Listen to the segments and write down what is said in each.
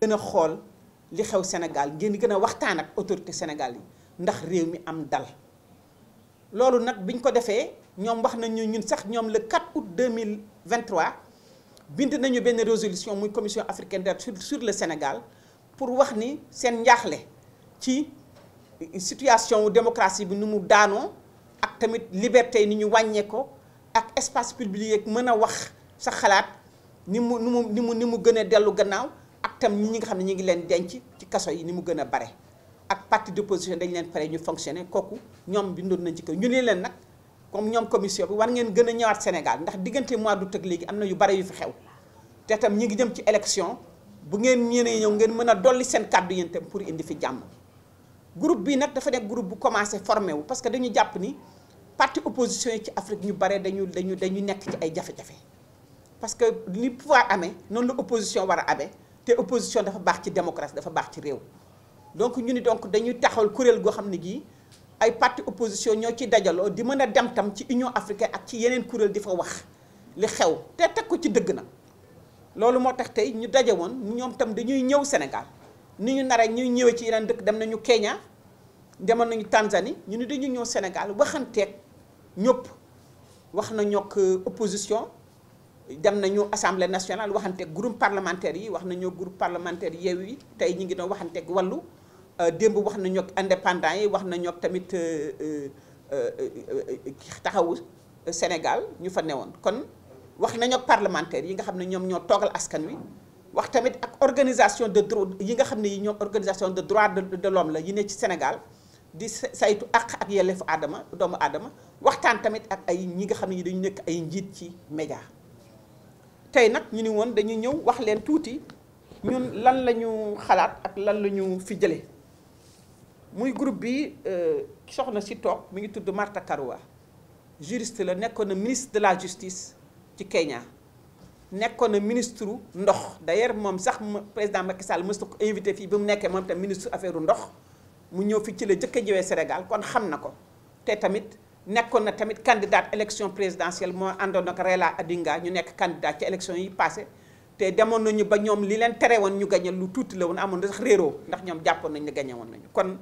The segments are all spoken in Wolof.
gën a xool li xew Sénégal ngeen gën a waxtaan ak autorité Sénégal yi ndax réew mi am dal loolu nag biñ ko defee ñoom wax nañu ñun sax ñoom le 4 août 2023 bind nañu benn résolution muy commission africaine des droits sur le Sénégal pour wax ni seen njaaxle ci situation démocratie bi nu mu daanoo ak tamit liberté yi ni ñu wàññeeko ak espace public yeeg mën a wax sa xalaat ni mu ni mu ni mu ni mu gën a dellu gannaaw ak tam ñi nga xam ne ñu ngi leen denc ci kaso yi ni mu gën a bare ak parti de d'opposition dañ leen pare ñu fonctionner kooku ñoom bindoon nañ ci kaw ñu ne leen nag comme ñoom commission bi war ngeen gën a ñëwaat Sénégal ndax diggante mois d'août ak léegi am na yu bare yu fi xew te tam ñi ngi jëm ci élection bu ngeen ñenee ñëw ngeen mën a dolli seen kàddu yéen tam pour indi fi jàmm groupe bi nag dafa nekk groupe bu commencé formé wu parce que dañu jàpp ni parti opposition yi ci Afrique ñu bare dañu dañu dañu nekk ci ay jafe-jafe parce que ni pouvoir amee noonu la opposition war a amee te opposition dafa baax ci démocratie dafa baax ci réew donc ñu ni donc dañuy taxawal kuréel goo xam ne gii ay parti opposition ñoo ci dajaloo di mën a dem tam ci Union africaine ak ci yeneen kuréel di fa wax li xew te teg ko ci dëgg na loolu moo tax tey ñu daje woon ñoom tam dañuy ñëw Sénégal ni ñu naree ñuy ñëwee ci yeneen dëkk dem nañu Kenya demoon nañu Tanzanie ñu ni dañuy ñëw Sénégal waxanteeg ñëpp wax nañu ak euh, opposition dem nañu assemblée nationale waxanteeg groupe parlementaire yi wax nañu groupe parlementaire Yewwi yi tey ñu ngi doon waxanteeg wàllu euh, démb wax nañu ak indépendant yi wax nañu ak tamit euh, taxawu Sénégal ñu fa woon kon wax nañu ak parlementaires yi nga xam ne ñoom ñoo toogal askan wi wax tamit ak organisation de droit yi nga xam ne yi ñoom organisation de droit de l'homme la yi ne ci Sénégal di saytu àq ak yelleefu aadama doomu aadama waxtaan tamit ak ay ñi nga xam ne dañu nekk ay njiit ci média tey nag ñu ni woon dañu ñëw wax leen tuuti ñun lan la ñu xalaat ak lan la ñu fi jële muy groupe bi euh, soxna si toog mu ngi tudd marta Karua juriste la nekkoon na ministre de la justice ci Kenya nekkoon na ministre ndox d'ailleurs moom sax président Macky Sall mës na ko invité fii ba mu nekkee moom tam ministre affaire ndox mu ñëw fi ci la jëkk a jiwee Sénégal kon xam na ko te tamit nekkoon na tamit candidat élection présidentielle moo àndoon ak Rella Odinga ñu nekk candidat ci élection yi passé te demoon nañu ba ñoom li leen tere woon ñu gañe lu tuuti la woon amoon na sax réeroo ndax ñoom jàppoon nañ gañe woon nañu kon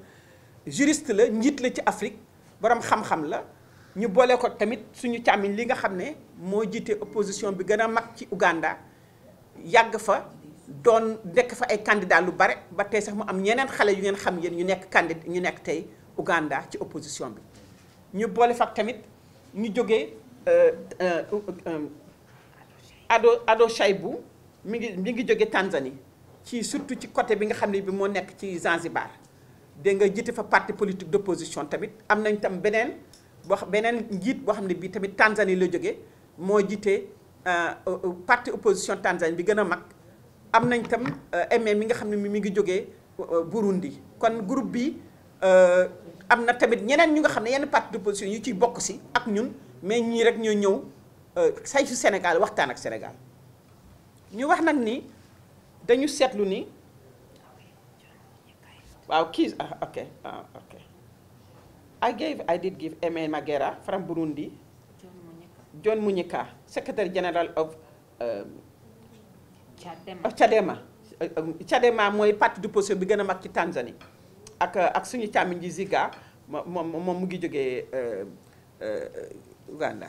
juriste la njiit la ci Afrique borom xam-xam la ñu boole ko tamit suñu càmmiñ li nga xam ne moo jiite opposition bi gën a mag ci uganda yàgg fa doon nekk fa ay candidat lu bare ba tey sax mu am ñeneen xale yu ngeen xam yéen ñu nekk candidat ñu nekk tey Uganda ci opposition bi ñu boole fa tamit ñu jógee euh, euh, euh, Ado Ado Shaibu mi ngi mi ngi jóge Tanzanie ci surtout ci côté bi nga xam ne bi moo nekk ci Zanzibar dégg nga jiite fa parti politique d'opposition tamit am nañ tam beneen boo xam beneen njiit boo xam ne bii tamit Tanzanie la jóge moo jiite parti opposition Tanzanie bi gën a mag am nañ tam euh, MA mi nga xam ne mi ngi jógee euh, Burundi kon groupe bi euh, am na tamit ñeneen ñu nga xam ne yenn de d'opposition ñu ciy bokk si ak ñun mais ñii rek ñoo ñëw saytu senegal waxtaan ak senegal ñu wax nag ni dañu seetlu ni waaw kii ah ok ah ok I gave I did give Aimé Magera from Burundi John Munyika secretary general of Chadema oh, euh, euh, Chadema mooy parti d'opposition bi gën a mag ci Tanzanie ak euh, ak suñu càmmiñ ji Ziga moom moom mu ngi jógee Uganda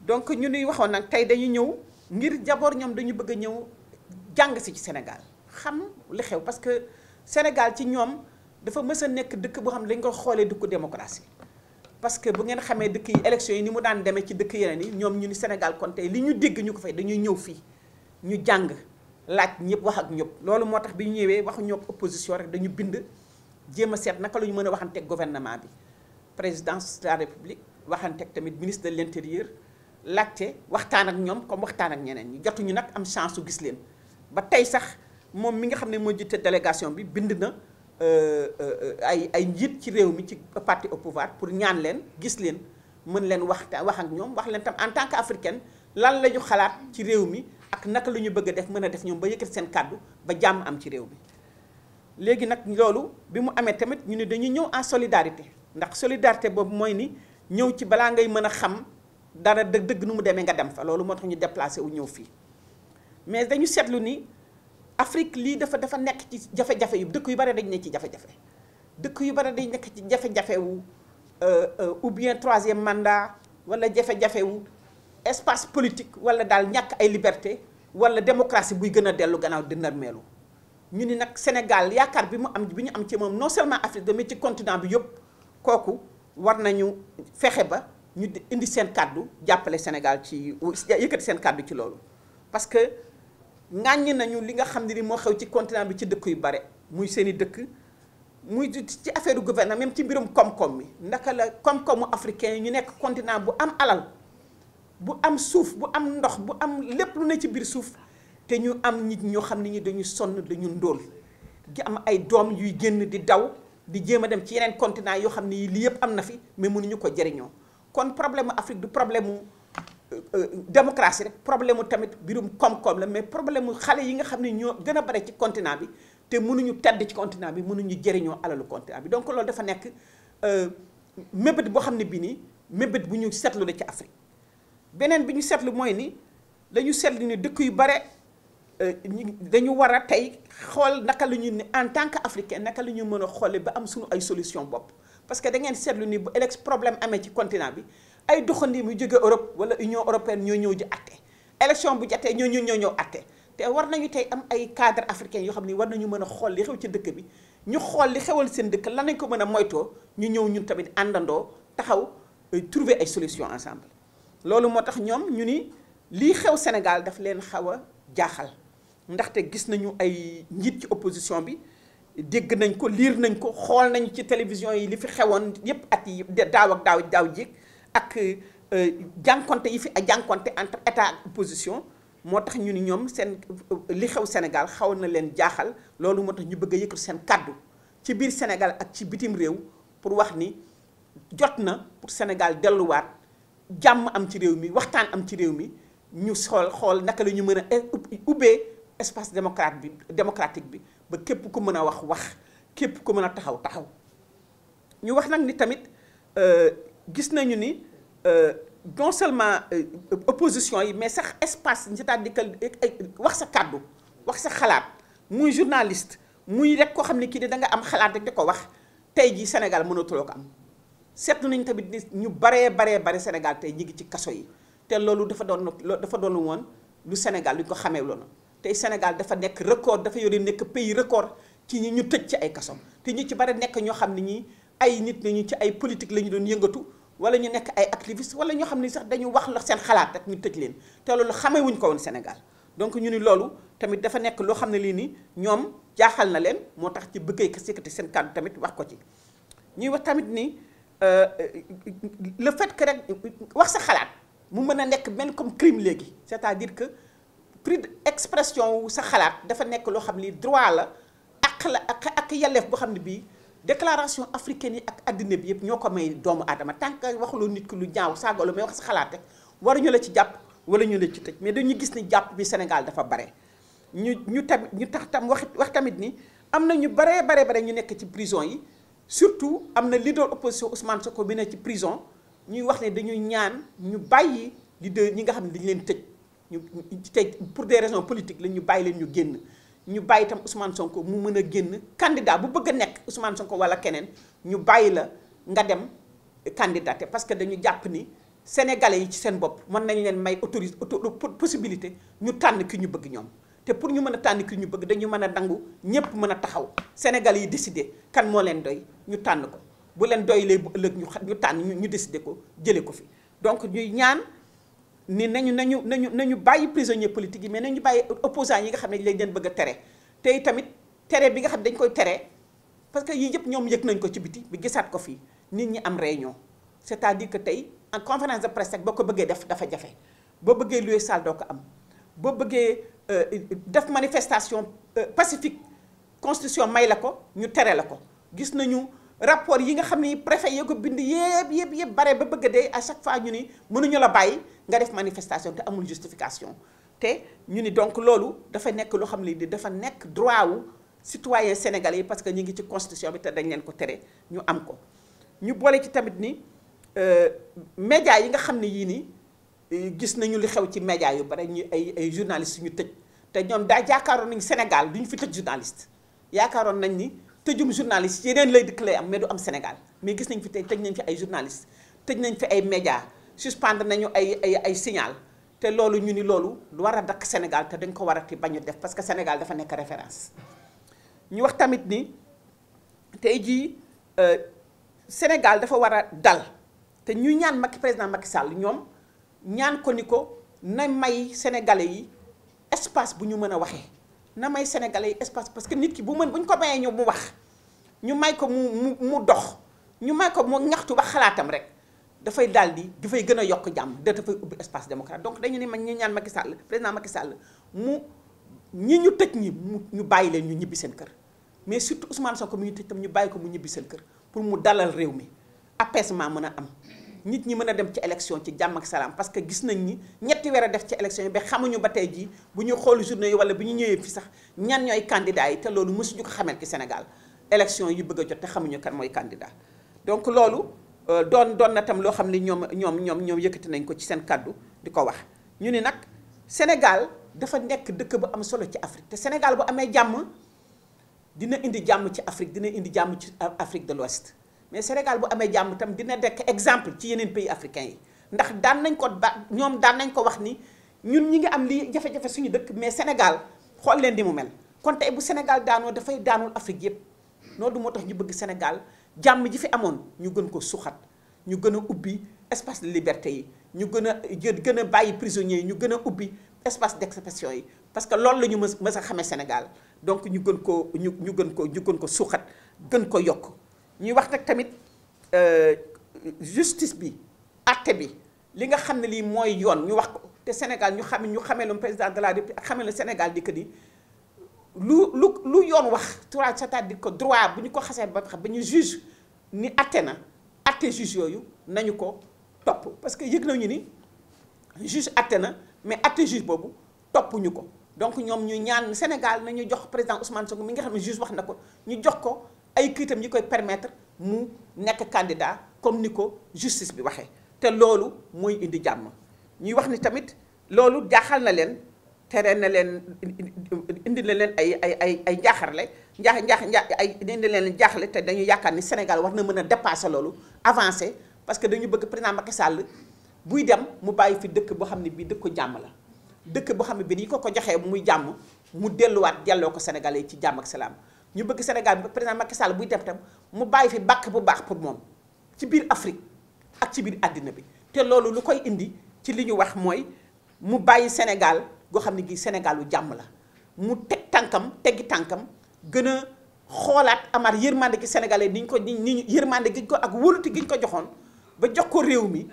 donc ñu nuy waxoon nag tey dañuy ñëw ngir jaboor ñoom dañu bëgg a ñëw jàng si ci Sénégal xam li xew parce que Sénégal ci ñoom dafa mës a nekk dëkk boo xam ne dañ ko xoolee dëkku démocratie parce que bu ngeen xamee dëkk yi élection yi ni mu daan demee ci dëkk yeneen yi ñoom ñu ni Sénégal kon tey li ñu dégg ñu ko fay dañuy ñëw fii ñu jàng laaj ñëpp wax ak ñëpp loolu moo tax bi ñu ñëwee waxuñu ak opposition rek dañu bind jéem a seet naka la ñu mën a waxanteeg gouvernement bi présidence de la république waxanteeg tamit ministre de l' intérieur laajte waxtaan ak ñoom comme waxtaan ak ñeneen ñi jotuñu nag am chance su gis leen. ba tey sax moom mi nga xam ne moo jiite délégation bi bind na euh, euh, ay ay njiit ci réew mi ci parti au pouvoir pour ñaan leen gis leen mën leen waxta wax ak ñoom wax leen tam en tant qu'africaine lan la ñu xalaat ci mi. ak naka lu ñu bëgg a def mën a def ñoom ba yëkkati seen kàddu ba jàmm am ci réew mi léegi nag loolu bi mu amee tamit ñu ne dañuy ñëw en solidarité ndax solidarité boobu mooy ni ñëw ci balaa ngay mën a xam dara dëgg dëgg nu mu demee nga dem fa loolu moo tax ñu déplacé wu ñëw fii mais dañu seetlu ni Afrique lii dafa dafa nekk ci jafe-jafe yu dëkk yu bare dañ nekk ci jafe-jafe dëkk yu bare dañ nekk ci jafe-jafe wu euh, euh, ou bien troisième mandat wala jafe-jafe wu espace politique wala daal ñàkk ay liberté wala démocratie buy gën a dellu gannaaw di melo ñu ni nag Sénégal yaakaar bi mu am bi ñu am ci moom non seulement Afrique mais ci continent bi yëpp kooku war nañu fexe ba ñu indi seen kàddu jàppale Sénégal ci yëkkati seen kàddu ci loolu parce que ŋàññi nañu li nga xam ne ni moo xew ci continent bi ci dëkk yu bare muy seeni dëkk muy ci affaire gouvernement même ci mbirum koom-koom mi ndaka la koom-koomu africain yi ñu nekk continent bu am alal bu am suuf bu am ndox bu am lépp lu ne ci biir suuf te ñu am nit ñoo xam ne ñi dañu sonn dañu ndóol gi am ay doom yuy génn di daw di jéem a dem ci yeneen continent yoo xam ne lii yëpp am na fi mais mënuñu ko jëriñoo kon problème mu Afrique problème mu euh, euh, démocratie rek problème mu tamit birum koom la mais problème mu xale yi nga xam ne ñoo gën a bare ci continent bi te mënuñu tedd ci continent bi mënuñu jëriñoo alalu continent bi donc loolu dafa nekk euh, mébét boo xam ne bii nii mébét bu ñu seetlu la ci Afrique. beneen bi ñu seetlu mooy nii dañu seetlu ni dëkk yu bare euh, dañu war a tey xool naka la ñu ne en tant que africain naka la ñu mën a xoolee ba am suñu ay solution bopp parce que da ngeen seetlu ni bu élex problème amee ci continent bi ay doxandi mu jóge Europe wala Union européenne ñoo ñëw ji atte élection bu jatee ñoo ñun ñoo ñëw atte te war nañu tey am ay cadre africain yoo xam ni war nañu mën a xool li xew ci dëkk bi ñu xool li xewal seen dëkk lan lañ ko mën a moytoo ñu ñëw ñun tamit àndandoo taxaw euh, trouver ay solution ensemble loolu moo tax ñoom ñu ni lii xew Sénégal daf leen xaw a jaaxal ndaxte gis nañu ay njiit ci opposition bi dégg nañ ko liir nañ ko xool nañ ci télévision yi li fi xewoon yépp at yi daaw ak daaw daaw jéeg ak euh, jànkonte yi fi a jànkonte entre état opposition moo tax ñu ni ñoom seen li xew Sénégal xaw na leen jaaxal loolu moo tax ñu bëgg a yëkkatu seen kàddu ci biir Sénégal ak ci bitim réew pour wax ni jot na pour Sénégal delluwaat jàmm am ci réew mi waxtaan am ci réew mi ñu xool xool naka la ñu mën a eh, ubbee espace démocrate bi démocratique bi ba képp ku mën a wax wax képp ko mën a taxaw taxaw ñu wax nag ni tamit euh, gis nañu ni euh, non seulement euh, opposition yi mais sax espace c'est-à-dire que wax sa kàddu wax sa xalaat muy journaliste muy rek koo xam ne kii de da nga am xalaat rek di ko wax tey jii Sénégal mënatuloo ko am seetlu nañ tamit ni ñu baree baree bare Sénégal tey ñi ngi ci kaso yi te loolu dafa doon loo dafa doon woon lu Sénégal lu ñu ko xamee loolu tey Sénégal dafa nekk record dafa yore nekk pays record ci ñi ñu tëj ci ay kaso te ñu ci bare nekk ñoo xam ne ñii ay nit lañu ci ay politique la ñu doon yëngatu wala ñu nekk ay activiste wala ñoo xam ne sax dañu wax la seen xalaat rek ñu tëj leen te loolu xamee ko woon Sénégal donc ñu ni loolu tamit dafa nekk loo xam ne lii nii ñoom jaaxal na leen moo tax ci bëggee yëkkati seen kàddu tamit wax ko ci ñuy tamit ni. Euh, le fait que rek wax sa xalaat mu mën a nekk mel comme crime léegi c'est-à-dire que prix d'expression wu sa xalaat dafa nekk loo xam ni droit la ak la ak ak yelleef boo xam ne bii déclaration africaine yi ak àddina bi yëpp ñoo ko may doomu adama tant que waxuloo nit ki lu ñaaw saagalo may wax sa xalaat rek waruñu la ci jàpp wala ñu la ci tëj mais dañu gis ni jàpp bi Sénégal dafa bare ñu ñu tamit ñu tax tam wax wax tamit ni am na ñu baree bare bare ñu nekk ci prison yi surtout am na leader opposition Ousmane Sonko bi ne ci prison ñuy wax ne dañuy ñaan ñu bàyyi leader ñi nga xam ne dañ leen tëj ñu pour des raisons politiques la ñu bàyyi leen ñu génn ñu bàyyi itam Ousmane Sonko mu mën a génn candidat bu bëgg a nekk Ousmane Sonko wala keneen ñu bàyyi la nga dem candidaté parce que dañu jàpp ni sénégalais yi ci seen bopp mën nañ leen may autorise possibilité ñu tànn ki ñu bëgg ñoom te pour ñu mën a tànn ki ñu bëgg dañu mën a dangu ñëpp mën a taxaw Sénégal yi décidé kan moo leen doy ñu tànn ko bu leen doy lay bu ëllëg ñu ñu tànn ñu décidé ko jële ko fi donc ñuy ñaan ni nañu nañu nañu nañu bàyyi prisonnier politique yi mais nañu bàyyi opposants yi nga xam ne lañ leen bëgg tere te tamit tere bi nga xam ne dañ koy tere parce que yii yëpp ñoom yëg nañ ko ci biti bi gisaat ko fii nit ñi am réunion c'est-à-dire que tey en conférence de presse boo ko bëggee def dafa jafe boo bëggee louer salle doo ko am boo bëggee Euh, def manifestation euh, pacifique constitution may la ko ñu tere la ko gis nañu rapport yi nga xam ni préfet yee ko bind yëpp yëpp yëpp bare ba bëgg a à chaque fois ñu ni mënuñu la bàyyi nga def manifestation te amul justification te ñu ni donc loolu dafa nekk loo xam di dafa nekk droit wu citoyen sénégal yi parce que ñu ngi ci constitution bi te dañ leen ko tere ñu am ko ñu boole ci tamit ni euh, média yi nga xam ne yii nii gis nañu li xew ci média yu bare ñu ay ay journalistes ñu tëj te ñoom daa yaakaaroon nañ Sénégal ñu fi tëj journaliste yaakaaroon nañ ni tëjum journaliste yeneen lay dëkk lay am mais du am Sénégal mais gis nañ fi tey tëj nañ fi ay journaliste tëj nañ fi ay média suspendre nañu ay ay ay signal te loolu ñu ni loolu lu war a dakk Sénégal te dañ ko war a ti bañ def parce que Sénégal dafa nekk référence ñu wax tamit ni tey jii euh, Sénégal dafa war a dal te ñuy ñaan Macky président Macky Sall ñoom. ñaan ko ni ko na may sénégalais yi espace bu ñu mën a waxee na may sénégalais yi espace parce que nit ki bu mën bu ñu ko mayee ñëw mu wax ñu may ko mu mu mu dox ñu may ko mu ñaxtu ba xalaatam rek dafay daal di dafay gën a yokk jàmm da dafay ubbi espace démocrate donc dañu ne man ñu ñaan Macky Sall président Macky Sall mu ñi ñu tëj ñi mu ñu bàyyi leen ñu ñibbi seen kër mais surtout Ousmane Sonko mu ñu tëj tam ñu bàyyi ko mu ñibbi seen kër pour mu dalal réew mi apaisement mën a am nit ñi mën a dem ci élection ci jàmm ak salaam parce que gis nañ ni ñetti weer a def ci élection yi ba xamuñu ba tey jii bu ñu xool journée yi wala bu ñu ñëwee fi sax ñan ñooy candidats yi te loolu mësuñu ko xamal ci Sénégal élection yi bëgg a jot te xamuñu kan mooy candidat donc loolu euh, doon doon na tam loo xam ne ñoom ñoom ñoom ñoom yëkkati nañ ko ci seen kàddu di ko wax ñu ni nag Sénégal dafa nekk dëkk bu am solo ci Afrique te Sénégal bu amee jàmm dina indi jàmm ci Afrique dina indi jàmm ci Afrique de l'Ouest mais Sénégal bu amee jàmm itam dina dekk exemple ci yeneen pays africain yi ndax daan nañ ko ba ñoom daan nañ ko wax ni ñun ñi ngi am lii jafe-jafe suñu dëkk mais Sénégal xool leen di mu mel kon tey bu Sénégal daanoo dafay daanul Afrique yépp noonu moo tax ñu bëgg Sénégal jàmm ji fi amoon ñu gën ko suuxat ñu gën a ubbi espace de liberté yi ñu gën a gën a bàyyi prisonniers yi ñu gën a ubbi espace d'expression yi parce que loolu la ñu mës mës a xamee Sénégal donc ñu gën ko ñu ñu gën ko ñu ko suxat gën ko yokk ñuy wax nag tamit euh, justice bi àtte bi li nga xam ne lii mooy yoon ñu wax ko te Sénégal ñu xam ñu xamee lu président de la République ak xamee lu Sénégal di ko di lu lu lu yoon wax trois c'est-à-dire que droit bu ñu ko xasee ba xam ba ñu juge ni àtte na àtte juge yooyu nañu ko topp parce que yëg ñu ni juge àtte na mais àtte juge boobu toppuñu ko donc ñoom ñu ñaan Sénégal nañu jox président Ousmane Sonko mi nga xam ne juge wax na ko ñu jox ko. ay këyitam ñi koy permettre mu nekk candidat comme ni ko justice bi waxee te loolu mooy indi jàmm ñuy wax ni tamit loolu jaaxal na leen tere na leen indi na leen ay ay ay ay njaaxarle njaax njaax njaax ay indi na leen jaaxle te dañu yaakaar ni Sénégal war na mën a dépasser loolu avancé parce que dañu bëgg président Macky Sall buy dem mu bàyyi fi dëkk boo xam ne bii dëkk ko jàmm la dëkk boo xam ne bii ni ko ko joxee muy jàmm mu delluwaat delloo ko sénégal yi ci jàmm ak ñu bëgg Sénégal bi président Macky Sall buy def tam mu bàyyi fi bàkk bu baax pour moom ci biir Afrique ak ci biir àddina bi te loolu lu koy indi ci li ñu wax mooy mu bàyyi Sénégal goo xam ne gi Sénégalu jàmm la mu teg tànkam teggi tànkam gën a xoolaat amaat yërmande gi sénégalais ni ñu ko ni ñu yërmande gi ko ak wóoluti gi ñu ko joxoon ba jox ko réew mi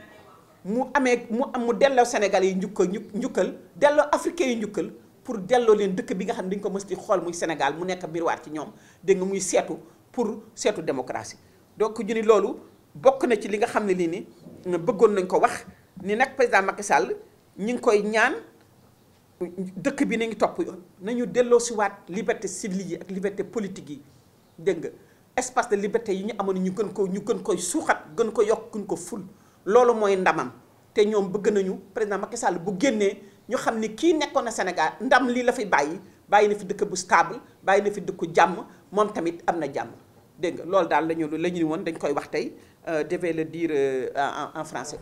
mu amee mu am mu delloo sénégalais yi njukkal njukkal delloo africain yi njukkal pour delloo leen dëkk bi nga xam ne dañu ko mës di xool muy Sénégal mu nekk miroir ci ñoom dégg nga muy seetu pour seetu démocratie donc ñu ni loolu bokk na ci li nga xam ne lii ni bëggoon nañ ko wax ni nag président Macky Sall ñi ngi koy ñaan dëkk bi nañu topp nañu delloo si waat liberté civile yi ak liberté politique yi dégg nga espace de liberté yi ñu amoon ñu gën ko ñu gën koy suuxat gën ko yokk gën ko ful loolu mooy ndamam te ñoom bëgg nañu président Macky Sall bu génnee ñu xam ni kii nekkoon na Sénégal ndam lii la fi bàyyi bàyyi na fi dëkk bu stable bàyyi na fi dëkku jàmm moom tamit am na jàmm dégg nga loolu daal la ñu la ñu woon dañ koy wax tey euh, devait le dire euh, en français